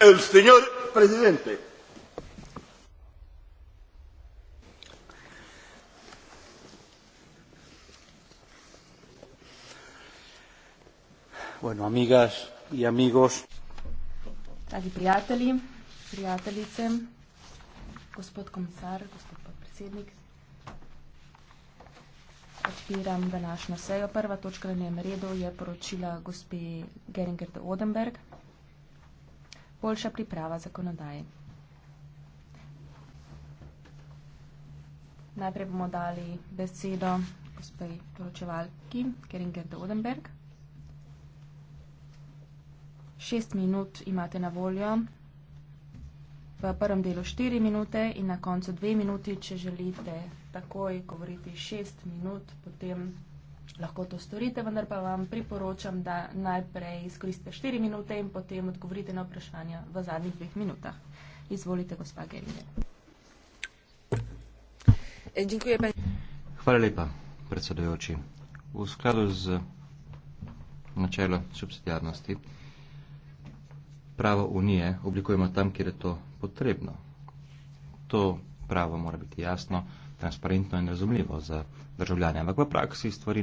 el señor presidente. Bueno, amigas y amigos. Dragi prijatelji, prijateljice, gospod komisar, gospod podpredsednik, odpiram današnjo sejo. Prva točka na njem redu je poročila gospe Geringer de Odenberg boljša priprava zakonodaje. Najprej bomo dali besedo gospej poročevalki Keringer Dodenberg. Šest minut imate na voljo, v prvem delu štiri minute in na koncu dve minuti, če želite takoj govoriti šest minut, potem lahko to storite, vendar pa vam priporočam, da najprej izkoristite 4 minute in potem odgovorite na vprašanja v zadnjih dveh minutah. Izvolite, gospa Gerine. E, Hvala lepa, predsedojoči. V skladu z načelo subsidijarnosti pravo Unije oblikujemo tam, kjer je to potrebno. To pravo mora biti jasno, transparentno in razumljivo za državljanje, ampak v praksi stvari